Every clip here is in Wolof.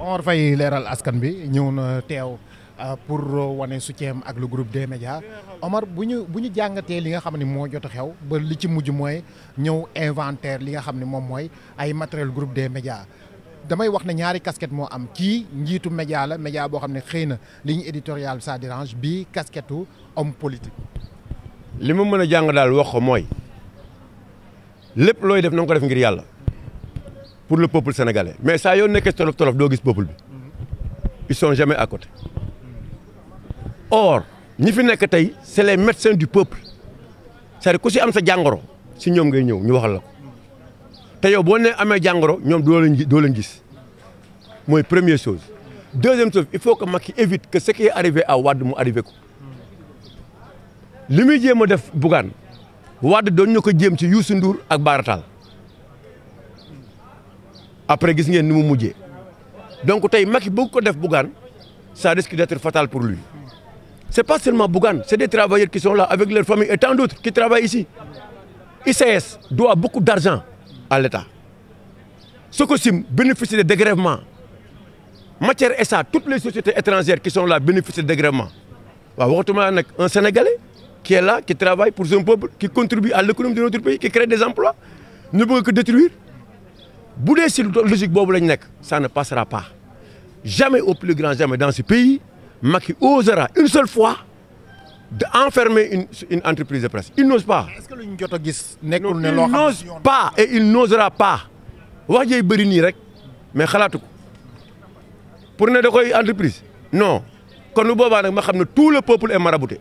Omar fay leeral askan bi ñëw na teew euh, pour wane soutien ak lu groupe des médias Omar bu ñu bu ñu jàngatee li nga xam ni moo jot a xew ba li ci mujj mooy ñëw inventaire li nga xam ne moom mooy ay matériel groupe des médias damay wax ne ñaari casquette moo am kii njiitu média la média boo xam ne xëy na ligne éditoriale bi ça dérange bii kasketu homme politique. li ma mën a jàng daal wax ko mooy lépp looy def na ko def ngir yàlla. pour le peuple sénégalais mais saa yoo nekkee tolof tolof doo gis peuple bi ils sont jamais à côté or ñi fi nekk tey c'est les médecins du peuple cest ku si am sa jàngoro si ñoom ngay ñëw ñu waxal la ko te yow boo ne amee jàngoro ñoom doo leen doo leen gis mooy première chose deuxième chose il faut que ki évite que ce qui est arrivé à mu arrivé ko li muy jéem a def Bougane Wade doon ñu ko jéem ci Youssou Ndour ak Bara Tall après gis ngeen ni mu mujjee donc tey Macky bëgg ko def Bougane ça risque d'être fatal pour lui c'est pas seulement Bougane c'est des travailleurs qui sont là avec leur famille et tant d'autres qui travaillent ici ICS doit beaucoup d'argent à l'État Sococim bénéficie de dégrèvement Matière SA toutes les sociétés étrangères qui sont là bénéficient de dégrèvement waaw waxatuma nag un Sénégalais qui est là qui travaille pour son ki qui contribue à l'économie de notre pays qui crée des emplois ñu bëgg bu dee si logique boobu lañ nekk ça ne passera pas jamais au plus grand jamais dans ce pays Macky osera une seule fois de enfermer une une entreprise de presse il n'ose pas. est que lu ñu jot a gis. nekkul ne loo xam il n'ose pas et il n'osera wax jëy bëri nii rek mais xalaatu ko pour ne da koy entreprise. non kon lu boobaa nag ma xam ne tout le peuple est marabouté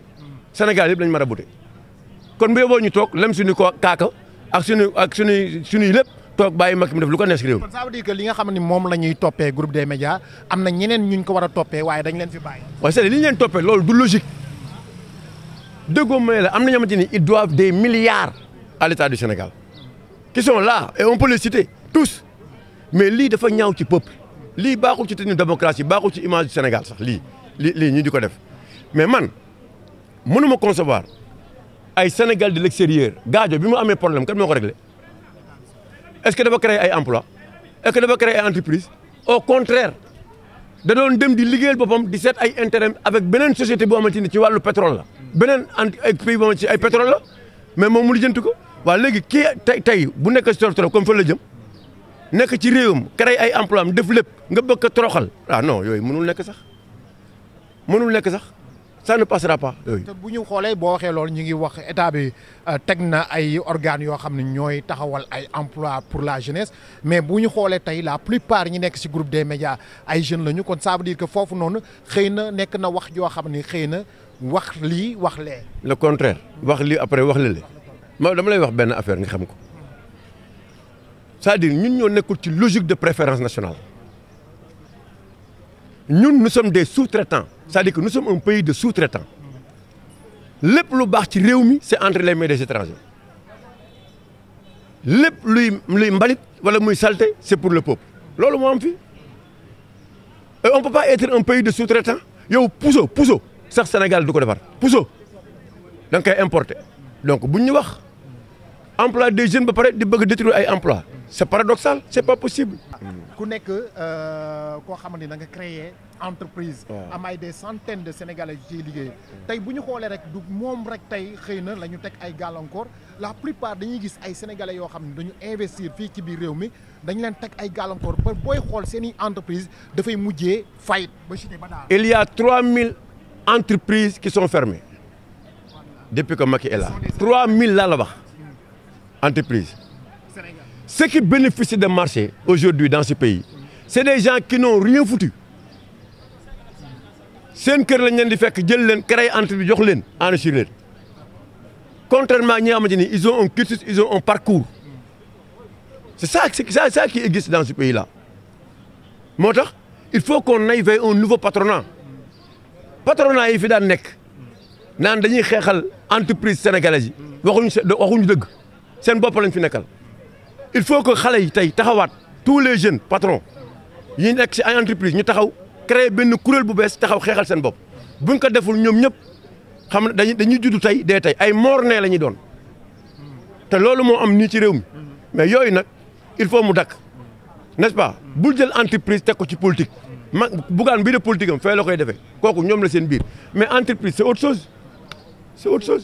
Sénégal yëpp lañ marabouté kon bu yeboo ñu toog lem suñu ko kaaka ak suñu ak suñuy suñuy lépp. toog bàyyi Macky mu def lu ko neex réew. kon ça veut dire que li nga xam ne moom la ñuy toppee groupe des médias am na ñeneen ñu ñu ko war a toppee waaye dañ leen fi bàyyi. waaye c'est li ñu leen toppee loolu du logique déggoo ma am na ñoo xamante ni ils doivent des milliards à l'État du Sénégal qui sont là et on peut les citer tous mais lii dafa ñaaw ci peuple lii baaxul ci tenue démocratie baaxul ci image du Sénégal sax li lii lii ñu di ko def mais man mënuma concevoir ay Sénégal de l'extérieur gaajo bi mu amee problème kan moo ko réglé. est-ce que dafa créer ay emploi est-ce que dafa créer ay entreprise au contraire da doon dem di liggéeyal boppam di seet ay intérêt avec beneen société boo xamante ni ci wàllu pétrole la beneen ay pays boo xamante ci ay pétrole la mais moom mu lijjanti ko waa léegi kii tey tey bu nekk si trop comme fa la jëm nekk ci réewam créer ay emploi am def lépp nga bëgg a troxal ah non yooyu mënul nekk sax mënul nekk sax ça ne passera pas. te bu ñu xoolee boo waxee loolu ñu ngi wax état bi euh, teg na ay organes yoo xam ne ñooy taxawal ay emploi pour la jeunesse mais bu ñu xoolee tey la plupart ñu nekk si groupe des médias ay jeune lañu kon ça veut dire que foofu noonu xëy na nekk na wax joo xam ni xëy na wax lii wax lee. le contraire wax lii après wax la lee ma dama lay wax benn affaire nga xam ko c'est-à-dire ñun ñoo nekkul ci logique de préférence nationale. ñun nous sommes des sous-traitants c'est-à-dire que nous sommes pays de sous-traitants lépp lu baax ci réew mi c'est entre les mains des étrangers lépp luy luy mbalit wala muy saleté c'est pour le peuple loolu moo am fii et on peut pas être pays de sous-traitants yow puso puso sax Sénégal du ko defar puso da nga koy importer donc buñ ñu wax emploi des jeunes ba pare di bëgg détruire ay emploi c'est paradoxal c'est pas possible. ku nekk euh, koo xamante ni da nga créer entreprise. am ay des centaines de sénégalais ci ciy liggéey tey bu ñu xoolee rek du moom rek tey xëy na la ñu teg ay gàllankoor la plupart dañuy gis ay sénégalais yoo xam ne dañu investir fii ci biir réew mi dañu leen teg ay gàllankoor ba booy xool seeni entreprise dafay mujjee fayit ba chuté ba daal. il y a 3000 entreprises qui sont fermées depuis que Macky est là 3000 laa la wax entreprise. Ceux qui bénéficient des marchés aujourd'hui dans ce pays, c'est des gens qui n'ont rien foutu. seen kër lañ leen di fekk jël leen créé entreprise jox leen enrichir leen ñi nga xamante ni ils ont un cursus ils ont un parcours c'est ça c'est ça ça qui existe dans ce moo tax il faut qu'on nay vers un nouveau patrona patronat yi fi daan nekk naan dañuy xeexal entreprise sénégalaise yi waxuñu waxuñu dëgg seen bopp lañ fi nekkal. il faut que xale yi tey taxawaat tous les jeunes patrons yi nekk si ay entreprise ñu taxaw créer benn kuréel bu bees taxaw xeexal seen bopp bu buñ ko deful ñoom ñëpp xam ne dañuy dañuy judd tey dee tey ay morne la ñuy doon te loolu moo am nii ci réew mi mais yooyu nag il faut mu dakk n'est-ce bul jël entreprise teg ko ci politique ma bugaan bii de politique am fee la koy defee kooku ñoom la seen biir mais entreprise c'est autre chose c'est